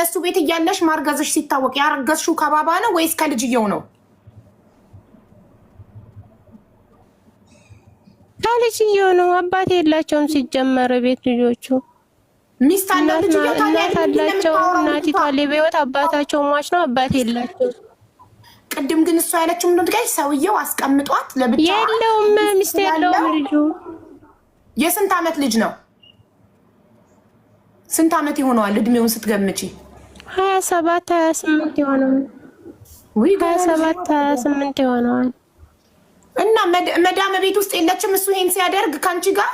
እነሱ ቤት እያለሽ ማርገዝሽ ሲታወቅ ያረገዝሽው ከባባ ነው ወይስ ከልጅየው ነው? ከልጅየው ነው። አባት የላቸውም ሲጀመር ቤት ልጆቹ ሚስት አላቸው። እናቲቷ ሌቤወት አባታቸው ሟች ነው። አባት የላቸው። ቅድም ግን እሷ ያለችው ምንድን ሰውየው አስቀምጧት ለብቻ የለውም፣ ሚስት የለውም። ልጁ የስንት አመት ልጅ ነው? ስንት ዓመት ይሆነዋል? እድሜውን ስትገምጪ ሀያ ሰባት ሀያ ስምንት የሆነዋል። ሀያ ሰባት ሀያ ስምንት የሆነዋል እና መዳመ ቤት ውስጥ የለችም። እሱ ይሄን ሲያደርግ ከአንቺ ጋር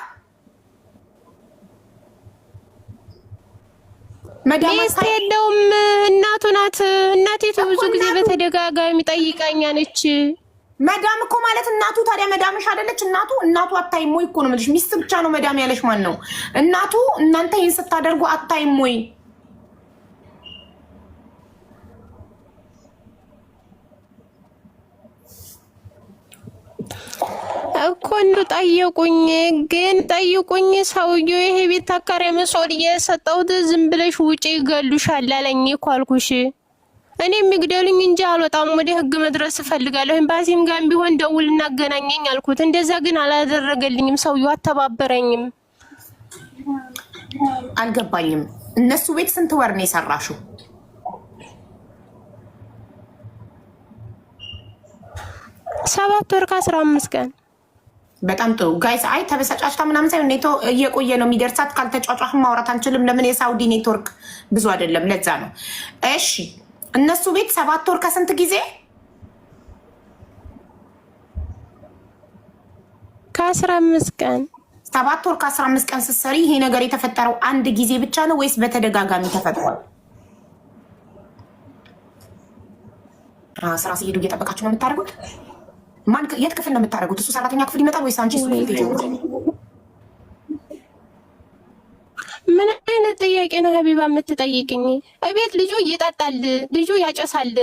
ሚስት የለውም። እናቱ ናት። እናቴቱ ብዙ ጊዜ በተደጋጋሚ ጠይቃኛለች። መዳም እኮ ማለት እናቱ ታዲያ መዳምሽ አይደለች? እናቱ እናቱ አታይም ወይ እኮ ነው የምልሽ። ሚስት ብቻ ነው መዳም ያለሽ ማን ነው? እናቱ እናንተ ይህን ስታደርጉ አታይም ወይ? እኮ እንዱ ጠየቁኝ፣ ግን ጠይቁኝ። ሰውዬው ይሄ ቤት አካሪም ሰው እየሰጠሁት ዝም ብለሽ ውጪ ይገሉሻል አለኝ እኮ አልኩሽ። እኔ የሚግደሉኝ እንጂ አልወጣም። ወደ ህግ መድረስ እፈልጋለሁ። ኤምባሲም ጋር ቢሆን ደውል እናገናኘኝ አልኩት። እንደዛ ግን አላደረገልኝም። ሰውዬው አተባበረኝም። አልገባኝም። እነሱ ቤት ስንት ወር ነው የሰራሽው? ሰባት ወር ከአስራ አምስት ቀን በጣም ጥሩ ጋይስ። አይ ተበሳጫችታ ምናምን ሳይሆን ኔቶ እየቆየ ነው የሚደርሳት። ካልተጫጫህ ማውራት አንችልም። ለምን የሳውዲ ኔትወርክ ብዙ አይደለም፣ ለዛ ነው። እሺ እነሱ ቤት ሰባት ወር ከስንት ጊዜ? ከአስራ አምስት ቀን ሰባት ወር ከአስራ አምስት ቀን ስትሰሪ ይሄ ነገር የተፈጠረው አንድ ጊዜ ብቻ ነው ወይስ በተደጋጋሚ ተፈጥሯል? ስራ ሲሄዱ እየጠበቃችሁ ነው የምታደርጉት? ማን የት ክፍል ነው የምታደርጉት? እሱ ሰራተኛ ክፍል ይመጣል ወይስ አንቺ? ምን አይነት ጥያቄ ነው ሀቢባ የምትጠይቅኝ? እቤት ልጁ ይጠጣል፣ ልጁ ያጨሳል።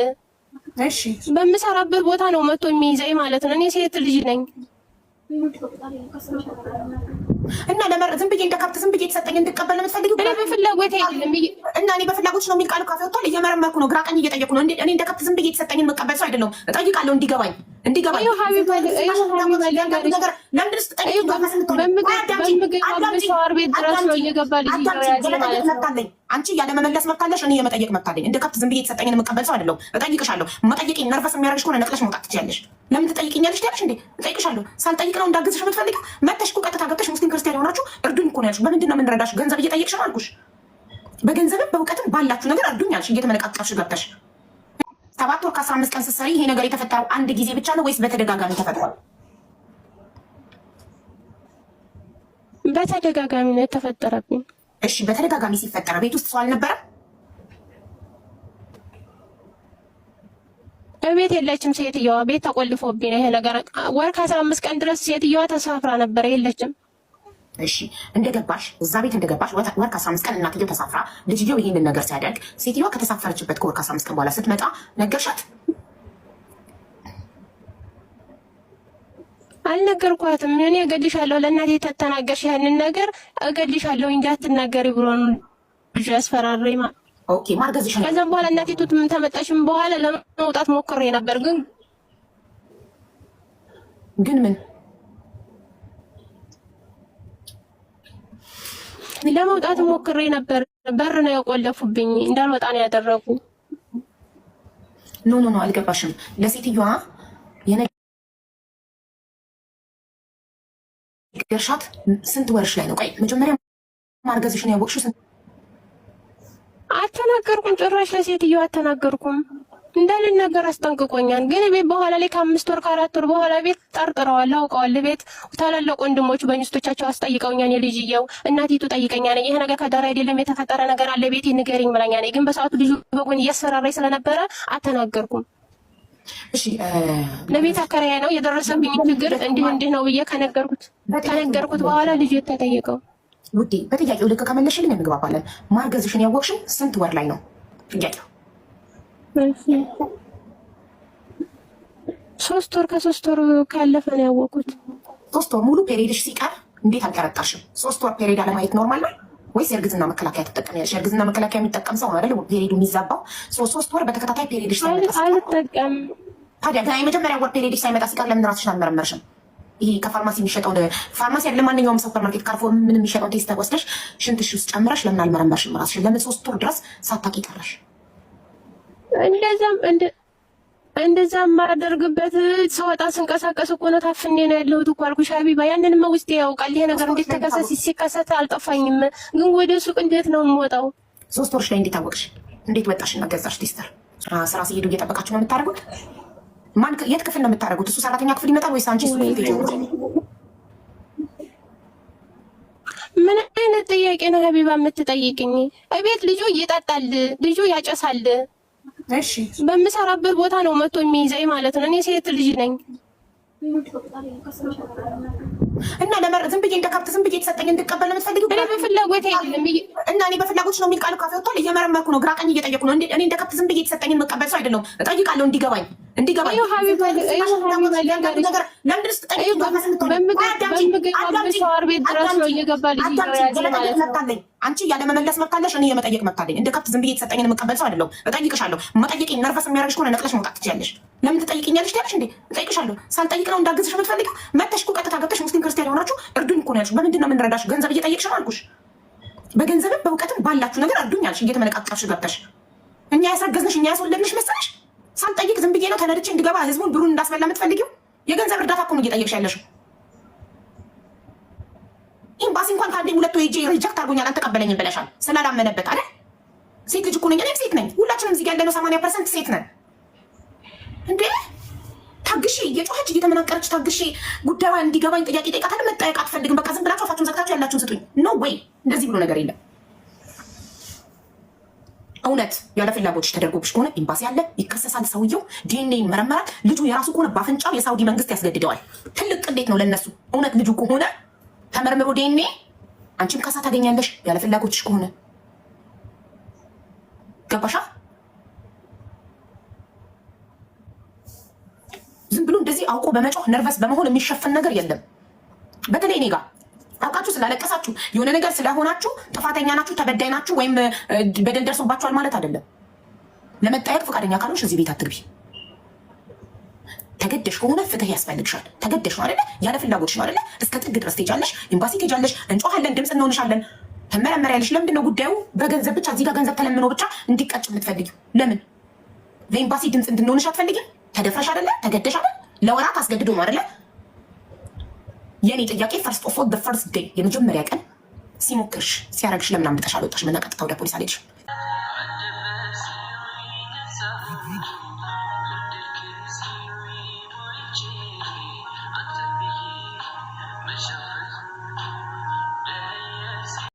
በምሰራበት ቦታ ነው መቶ የሚይዘኝ ማለት ነው። እኔ ሴት ልጅ ነኝ። እና ዝም ብዬ እንደ ከብት ዝም ብዬ የተሰጠኝ እንድቀበል ነው የምትፈልጊው? በፍላጎት እና እኔ በፍላጎት ነው የሚል ቃሉ ካፌ ወጥቷል። እየመረመርኩ ነው፣ ግራ ቀኝ እየጠየኩ ነው። እኔ እንደ ከብት ዝም ብዬ የተሰጠኝን መቀበል ሰው አይደለሁም። እጠይቃለሁ እንዲገባኝ እንዲገባኝ አንቺ ያለመመለስ መብት አለሽ፣ እኔ የመጠየቅ መብት አለኝ። እንደ ከብት ዝም ብዬ የተሰጠኝን መቀበል ሰው አይደለሁም። እጠይቅሻለሁ። መጠየቅ ነርቨስ የሚያደርግሽ ከሆነ ነቅለሽ መውጣት ትችያለሽ። ለምን ትጠይቅኛለሽ ያለሽ እንዴ? እጠይቅሻለሁ። ሳልጠይቅ ነው እንዳግዝሽ የምትፈልጊው? መተሽ እኮ ቀጥታ ገብተሽ ሙስሊም ክርስቲያን የሆናችሁ እርዱኝ እኮ ነው ያልሽ። በምንድን ነው የምንረዳሽ? ገንዘብ እየጠየቅሽ ነው አልኩሽ። በገንዘብም በእውቀትም ባላችሁ ነገር እርዱኝ ያልሽ፣ እየተመለቃቀፍሽ ገብተሽ። ሰባት ወር ከአስራ አምስት ቀን ስትሰሪ ይሄ ነገር የተፈጠረው አንድ ጊዜ ብቻ ነው ወይስ በተደጋጋሚ ተፈጥሯል? በተደጋጋሚ ነው የተፈጠረብኝ። እሺ፣ በተደጋጋሚ ሲፈጠረ ቤት ውስጥ ሰው አልነበረም? እቤት የለችም ሴትየዋ። ቤት ተቆልፎብኝ ነው ይሄ ነገር። ወር ከአስራ አምስት ቀን ድረስ ሴትየዋ ተሳፍራ ነበረ፣ የለችም። እሺ እንደገባሽ እዛ ቤት እንደገባሽ ወር ከአስራ አምስት ቀን እናትየው ተሳፍራ፣ ልጅየው ይህንን ነገር ሲያደርግ ሴትየዋ ከተሳፈረችበት ከወር ከአስራ አምስት ቀን በኋላ ስትመጣ ነገርሻት? አልነገርኳትም። እኔ እገልሻለሁ ለእናቴ ተተናገርሽ ያንን ነገር እገልሻለሁ እንጂ አትናገሪ ብሎ ልጁ ያስፈራረኝ ማለት ኦኬ ማርገዝሽ ነው። ከዛም በኋላ እናቴ ጡት ምን ተመጣሽም በኋላ ለመውጣት ሞክሬ ነበር፣ ግን ግን ምን ለመውጣት ሞክሬ ነበር። በር ነው የቆለፉብኝ፣ እንዳልወጣ ነው ያደረጉ። ኖ ኖ ኖ አልገባሽም። ለሴትዮዋ የነገርሻት ስንት ወርሽ ላይ ነው? ቆይ መጀመሪያ ማርገዝሽ ያወቅሽው ስንት አተናገርኩም። ጭራሽ ለሴትዮ አተናገርኩም እንዳልናገር አስጠንቅቆኛል። ግን ቤት በኋላ ላይ ከአምስት ወር ከአራት ወር በኋላ ቤት ጠርጥረዋል፣ አውቀዋል። ቤት ታላላቅ ወንድሞቹ በሚስቶቻቸው አስጠይቀውኛል። የልጅየው እናቲቱ ጠይቀኛ ነ ይህ ነገር ከዳር አይደለም የተፈጠረ ነገር አለ ቤት ንገሪኝ ብላኛ ነኝ። ግን በሰዓቱ ልጁ በጎን እያስፈራራኝ ስለነበረ አተናገርኩም። ለቤት አከራያ ነው የደረሰብኝ ችግር እንዲህ እንዲህ ነው ብዬ ከነገርኩት ከነገርኩት በኋላ ልጅ የተጠየቀው ውዴ በጥያቄው ልክ ከመለሽልኝ እንግባባለን። ማርገዝሽን ያወቅሽን ስንት ወር ላይ ነው? ጥያቄው ሶስት ወር ከሶስት ወር ካለፈ ነው ያወቁት። ሶስት ወር ሙሉ ፔሬድሽ ሲቀር እንዴት አልጠረጠርሽም? ሶስት ወር ፔሬድ አለማየት ኖርማል ነው ወይስ የእርግዝና መከላከያ ትጠቀሚያለሽ? የእርግዝና መከላከያ የሚጠቀም ሰው አይደል ፔሬዱ የሚዛባው። ሶስት ወር በተከታታይ ፔሬድሽ ሳይመጣ አልጠቀም። ታዲያ የመጀመሪያ ወር ፔሬድሽ ሳይመጣ ሲቀር ለምን ራስሽን አልመረመርሽም? ይሄ ከፋርማሲ የሚሸጠው ፋርማሲ ያለ ማንኛውም ሱፐርማርኬት ካርፎ ምን የሚሸጠው ቴስት ወስደሽ ሽንትሽ ውስጥ ጨምረሽ ለምን አልመረመርሽም? ራስሽን ለምን ሶስት ወር ድረስ ሳታቂ ቀረሽ? እንደዛም እንደዛም ማደርግበት ስወጣ ስንቀሳቀስ እኮ ነው ታፍኔ ነው ያለሁት እኮ አልኩሽ ሀቢባ። ያንንም ውስጤ ያውቃል። ይሄ ነገር እንዴት ተከሰስ ሲከሰት አልጠፋኝም፣ ግን ወደ ሱቅ እንዴት ነው የምወጣው? ሶስት ወርሽ ላይ እንዴት አወቅሽ? እንዴት ወጣሽ እና ገዛሽ ቴስተር? ስራ ሲሄዱ እየጠበቃችሁ ነው የምታደርጉት? ማን የት ክፍል ነው የምታደርጉት? እሱ ሰራተኛ ክፍል ይመጣል ወይስ አንቺ? ምን አይነት ጥያቄ ነው ሀቢባ የምትጠይቅኝ? እቤት ልጁ ይጠጣል፣ ልጁ ያጨሳል። እሺ በምሰራበት ቦታ ነው መቶ የሚይዘኝ ማለት ነው። እኔ ሴት ልጅ ነኝ እና ለመረ ዝም ብዬ እንደ ከብት ዝም ብዬ የተሰጠኝ እንድቀበል ለምትፈልግ እኔ በፍላጎት አይደለም እና እኔ በፍላጎት ነው የሚል ቃል ካፌ ወጥቷል። እየመረመርኩ ነው፣ ግራ ቀኝ እየጠየኩ ነው። እኔ እንደ ከብት ዝም ብዬ የተሰጠኝን መቀበል ሰው አይደለሁም። እጠይቃለሁ እንዲገባኝ እንዲገባኝ አንቺ ያለመመለስ መብት እኔ የመጠየቅ መብት እንደ ከብት ዝም ብዬ የተሰጠኝን መቀበል ሰው አይደለሁም። እጠይቅሻለሁ። መጠየቅ ነርቨስ የሚያደርግሽ ከሆነ ነቅለሽ መውጣት ትችያለሽ። ለምን ትጠይቅኛለሽ ትያለሽ እንዴ? እጠይቅሻለሁ። ሳልጠይቅ ነው እንዳግዝሽ የምትፈልጊው? መተሽ እኮ ቀጥታ ገብተሽ ሙስሊም ክርስቲያን የሆናችሁ እርዱኝ እኮ ነው ያልሽው። በምንድን ነው የምንረዳሽ? ገንዘብ እየጠየቅሽ ነው አልኩሽ። በገንዘብም በእውቀትም ባላችሁ ነገር አርዱኝ አልሽ፣ እየተመለቃቀፍሽ ገብተሽ እኛ ያስረገዝንሽ እኛ ያስወለድንሽ መሰለሽ። ሳልጠይቅ ዝም ብዬ ነው ተነድቼ እንድገባ ህዝቡን ብሩን እንዳስበላ የምትፈልጊው? የገንዘብ እርዳታ እኮ ነው እየጠየቅሽ ያለሽው። ኢምባሲ እንኳን ከአንዴ ሁለት ሄጄ ሪጀክት አድርጎኛል አልተቀበለኝም ብለሻል፣ ስላላመነበት አለ ሴት ልጅ እኮ ነኝ፣ እኔም ሴት ነኝ። ሁላችንም እዚህ ያለነው ሰማንያ ፐርሰንት ሴት ነን እንዴ። ታግሼ እየጮኸች እየተመናቀረች ታግሼ ጉዳዩ እንዲገባኝ ጥያቄ ጠይቃታለሁ። መጠየቅ አትፈልግም። በቃ ዝም ብላችሁ አፋችሁን ዘግታችሁ እጃችሁን ስጡኝ። ኖ ወይ እንደዚህ ብሎ ነገር የለም። እውነት ያለ ፍላጎትሽ ተደርጎብሽ ከሆነ ኤምባሲ አለ፣ ይከሰሳል፣ ሰውየው ዲኤንኤ ይመረመራል። ልጁ የራሱ ከሆነ በአፍንጫው የሳውዲ መንግስት ያስገድደዋል። ትልቅ ቅሌት ነው ለነሱ። እውነት ልጁ ከሆነ ተመርምሮ ዲኤንኤ አንቺም ካሳ ታገኛለሽ፣ ያለ ፍላጎትሽ ከሆነ ገባሻ? ዝም ብሎ እንደዚህ አውቆ በመጮህ ነርቨስ በመሆን የሚሸፈን ነገር የለም። በተለይ እኔ ጋር አውቃችሁ ስላለቀሳችሁ የሆነ ነገር ስለሆናችሁ ጥፋተኛ ናችሁ፣ ተበዳይ ናችሁ ወይም በደል ደርሶባችኋል ማለት አይደለም። ለመጠየቅ ፈቃደኛ ካልሆንሽ እዚህ ቤት አትግቢ። ተገደሽ ከሆነ ፍትህ ያስፈልግሻል። ተገደሽ ነው አይደለ? ያለ ፍላጎትሽ ነው አይደለ? እስከ ጥግ ድረስ ትሄጃለሽ፣ ኤምባሲ ትሄጃለሽ፣ እንጮሃለን፣ ድምፅ እንሆንሻለን፣ ትመረመሪያለሽ። ለምንድን ነው ጉዳዩ በገንዘብ ብቻ እዚህ ጋር ገንዘብ ተለምኖ ብቻ እንዲቀጭ የምትፈልጊው? ለምን ለኤምባሲ ድምፅ እንድንሆንሽ አትፈልጊም? ተደፍረሽ አይደለ? ተገደሽ አይደል? ለወራት አስገድዶ ነው አይደለ? የኔ ጥያቄ ፈርስት ኦፍ ኦል ፈርስት ዴይ የመጀመሪያ ቀን ሲሞክርሽ ሲያረግሽ ለምን አምልጠሽ አልወጣሽ? መና ቀጥታ ወደ ፖሊስ አልሄድሽም?